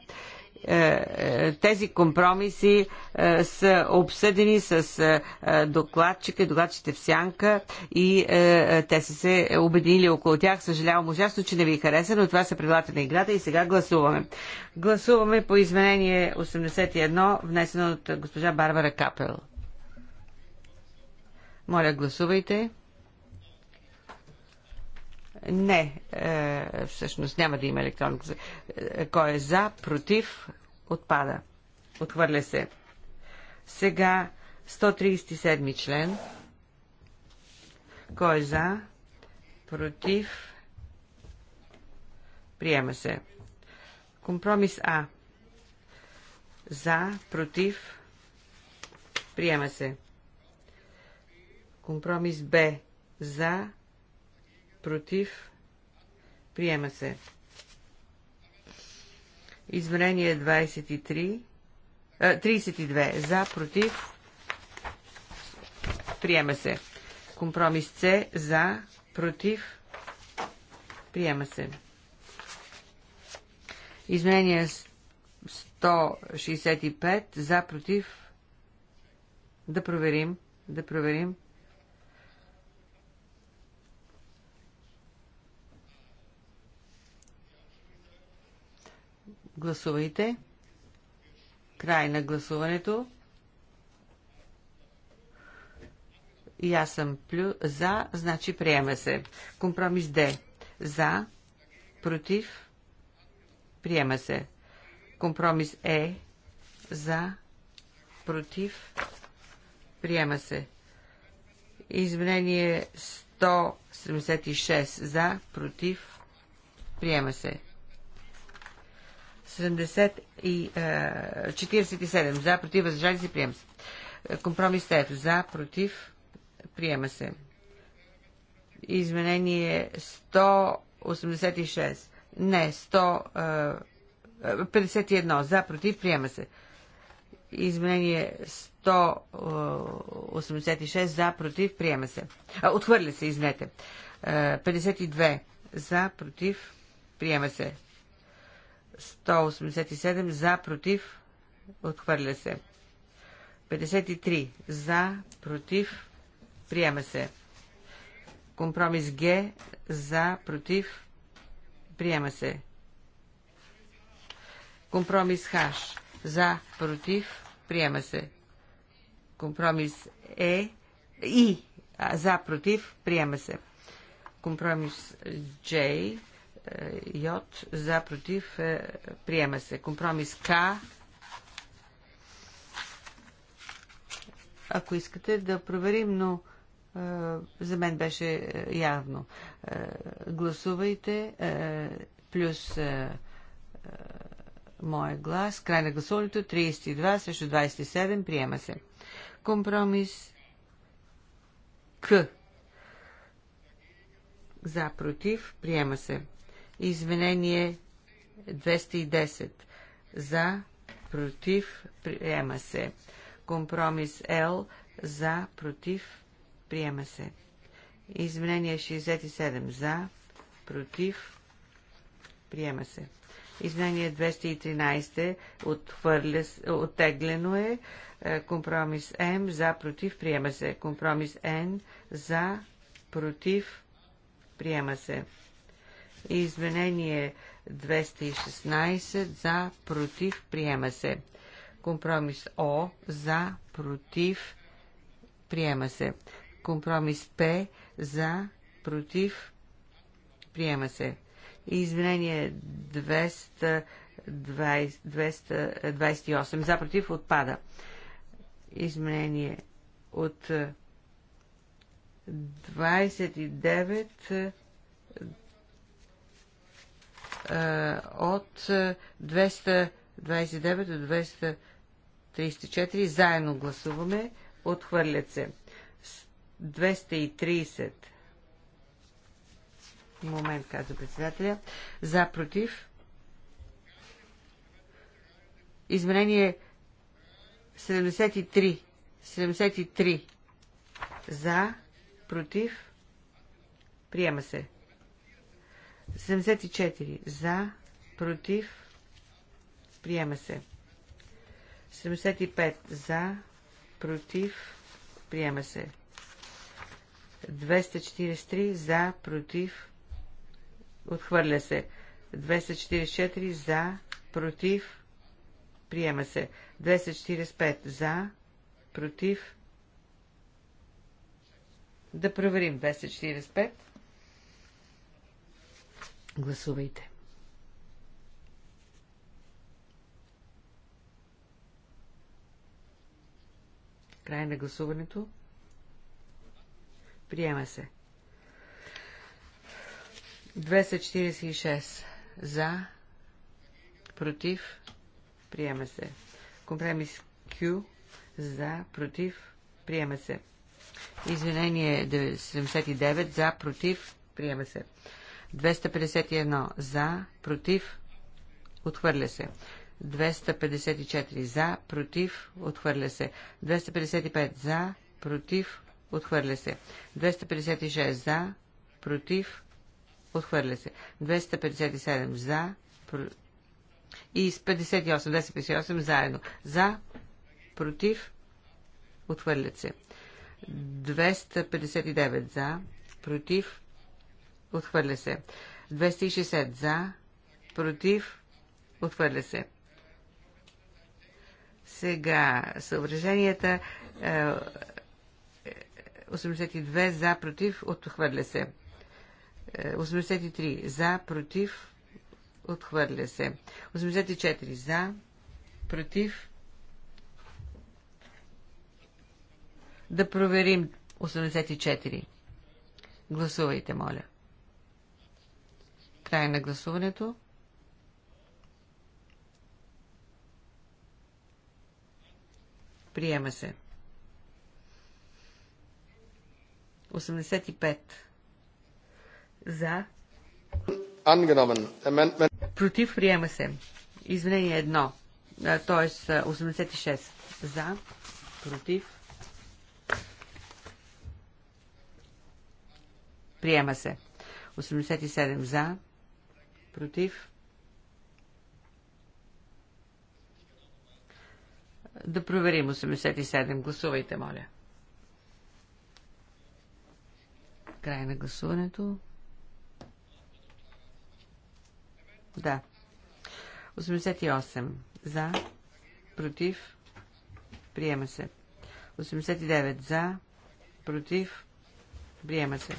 е, е, тези компромиси е, са обсъдени с докладчика, докладчите в сянка и те са се обединили около тях. Съжалявам ужасно, че не ви хареса, но това са правилата на играта и сега гласуваме. Гласуваме по изменение 81, внесено от госпожа Барбара Капел. Моля, гласувайте. Не, е, всъщност няма да има електронно. Е, кой е за, против, отпада. Отхвърля се. Сега 137 член. Кой е за, против, приема се. Компромис А. За, против, приема се. Компромис Б. За, против, приема се. Измерение 23, 32 за, против, приема се. Компромис С за, против, приема се. Изменение 165 за, против, да проверим, да проверим. Гласувайте. Край на гласуването. И аз съм плю... за, значи приема се. Компромис Д. За, против, приема се. Компромис Е. За, против, приема се. Изменение 176 за, против, приема се и, 47 е, за, против, въздържали се, приема се. Компромис 3 е. за, против, приема се. Изменение 186. Не, 151 51 е, за, против, приема се. Изменение 186 за, против, приема се. отхвърля се, изнете. 52 за, против, приема се. 187 за, против, отхвърля се. 53 за, против, приема се. Компромис Г за, против, приема се. Компромис Х за, против, приема се. Компромис Е и за, против, приема се. Компромис J е, Йод за против е, приема се. Компромис К. Ако искате да проверим, но е, за мен беше явно. Гласувайте плюс моя глас. Край на гласуването 32 срещу 27 приема се. Компромис К. За против приема се. Изменение 210. За, против, приема се. Компромис Л. За, против, приема се. Изменение 67. За, против, приема се. Изменение 213 отхвърля, оттеглено е. е. Компромис М за против приема се. Компромис Н за против приема се. Изменение 216 за, против, приема се. Компромис О за, против, приема се. Компромис П за, против, приема се. Изменение 200 228 за против отпада. Изменение от 29 е, от 229 е, до 234. Заедно гласуваме. Отхвърлят се. 230. Момент, каза председателя. За, против. Изменение 73. 73. За, против. Приема се. 74 за, против, приема се. 75 за, против, приема се. 243 за, против, отхвърля се. 244 за, против, приема се. 245 за, против, да проверим 245. Гласувайте. Край на гласуването. Приема се. 246 за, против, приема се. Компромис Q за, против, приема се. Извинение 79 за, против, приема се. 251 за, против, отхвърля се. 254 за, против, отхвърля се. 255 за, против, отхвърля се. 256 за, против, отхвърля се. 257 за, про... и с 58, 258 заедно. За, против, отхвърлят се. 259 за, против, Отхвърля се. 260 за. Против. Отхвърля се. Сега съображенията. 82 е, за. Против. Отхвърля се. 83 е, за. Против. Отхвърля се. 84 за. Против. Да проверим 84. Гласувайте, моля. Край на гласуването. Приема се. 85. За. Против приема се. Извинение едно. Т.е. 86. За. Против. Приема се. 87 за. Против. Да проверим 87. Гласувайте, моля. Край на гласуването. Да. 88. За. Против. Приема се. 89. За. Против. Приема се.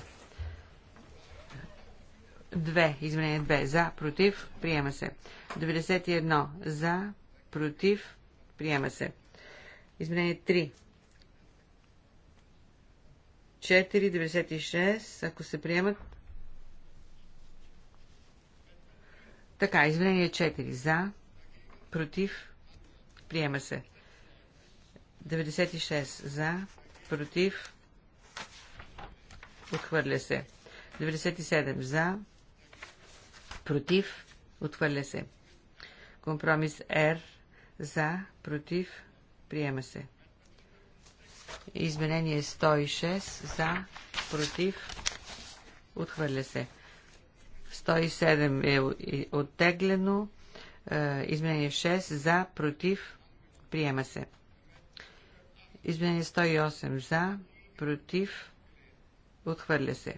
2. Изменение 2. За, против, приема се. 91. За, против, приема се. Изменение 3. 4,96, ако се приемат. Така, изменение 4. За, против, приема се. 96. За, против, отхвърля се. 97. За, против, отхвърля се. Компромис Р за, против, приема се. Изменение 106 за, против, отхвърля се. 107 е оттеглено. Е, изменение 6 за, против, приема се. Изменение 108 за, против, отхвърля се.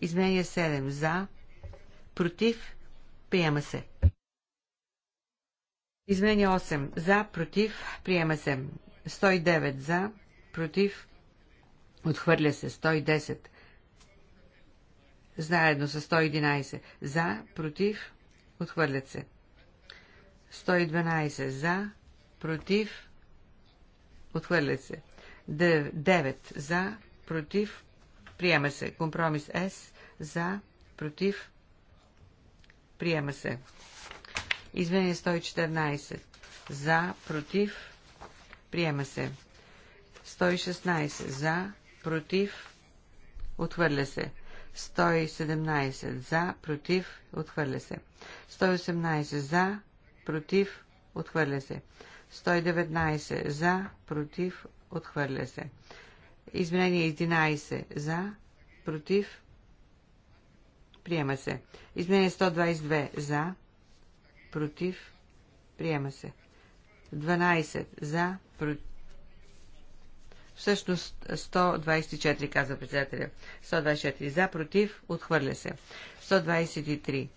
Изменение 7 за, против, приема се. Изменение 8. За, против, приема се. 109 за, против, отхвърля се. 110. Заедно с 111. За, против, отхвърлят се. 112. За, против, отхвърлят се. 9. За, против, приема се. Компромис С. За, против, Приема се. Извинение 114. За, против. Приема се. 116. За, против. Отхвърля се. 117. За, против. Отхвърля се. 118. За, против. Отхвърля се. 119. За, против. Отхвърля се. Изменение 11. За, против. Приема се. Изменение 122 за. Против. Приема се. 12 за. Против. Всъщност 124, казва председателя. 124 за, против, отхвърля се. 123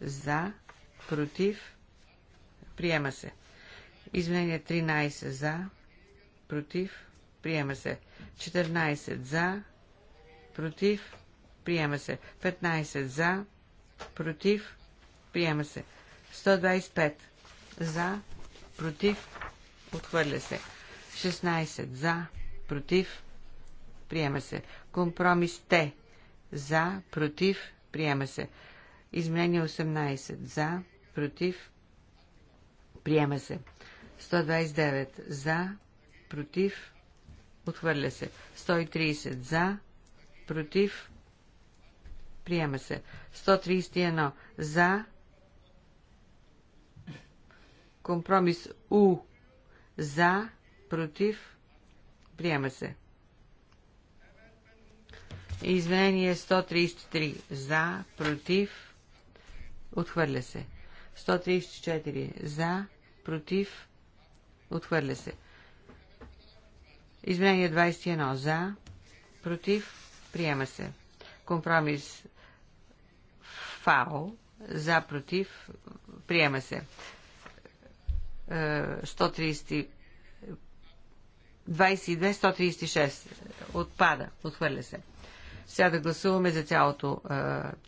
за, против, приема се. Изменение 13 за, против, приема се. 14 за, против, приема се. 15 за, против, приема се. 125 за, против, отхвърля се. 16 за, против, приема се. Компромис Т за, против, приема се. Изменение 18 за, против, приема се. 129 за, против, отхвърля се. 130 за, против, Приема се. 131. За. Компромис У. За. Против. Приема се. Извинение 133. За. Против. Отхвърля се. 134. За. Против. Отхвърля се. Изменение 21. За. Против. Приема се. Компромис ФАО. За, против, приема се. 130... Е, 22-136 отпада, отхвърля се. Сега да гласуваме за цялото е,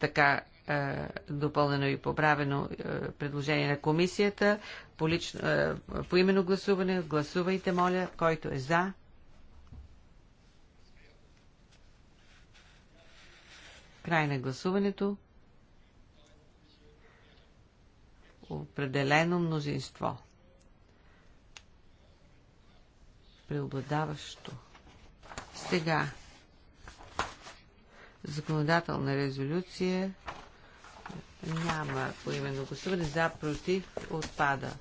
така е, допълнено и поправено е, предложение на комисията. По, лично, е, по именно гласуване гласувайте, моля, който е за. Край на гласуването. определено мнозинство. Преобладаващо. Сега. Законодателна резолюция няма поименно гласуване. За, против, отпада.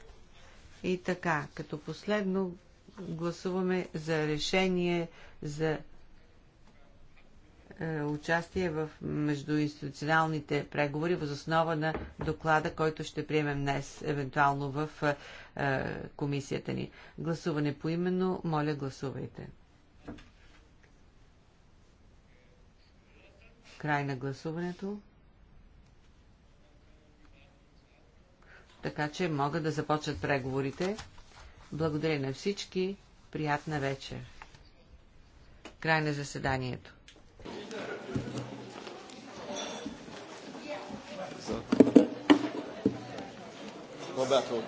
И така, като последно гласуваме за решение за е, участие в междуинституционалните преговори въз основа на доклада, който ще приемем днес, евентуално в е, е, комисията ни. Гласуване по именно, моля гласувайте. Край на гласуването. Така че могат да започнат преговорите. Благодаря на всички. Приятна вечер. Край на заседанието. Roberto.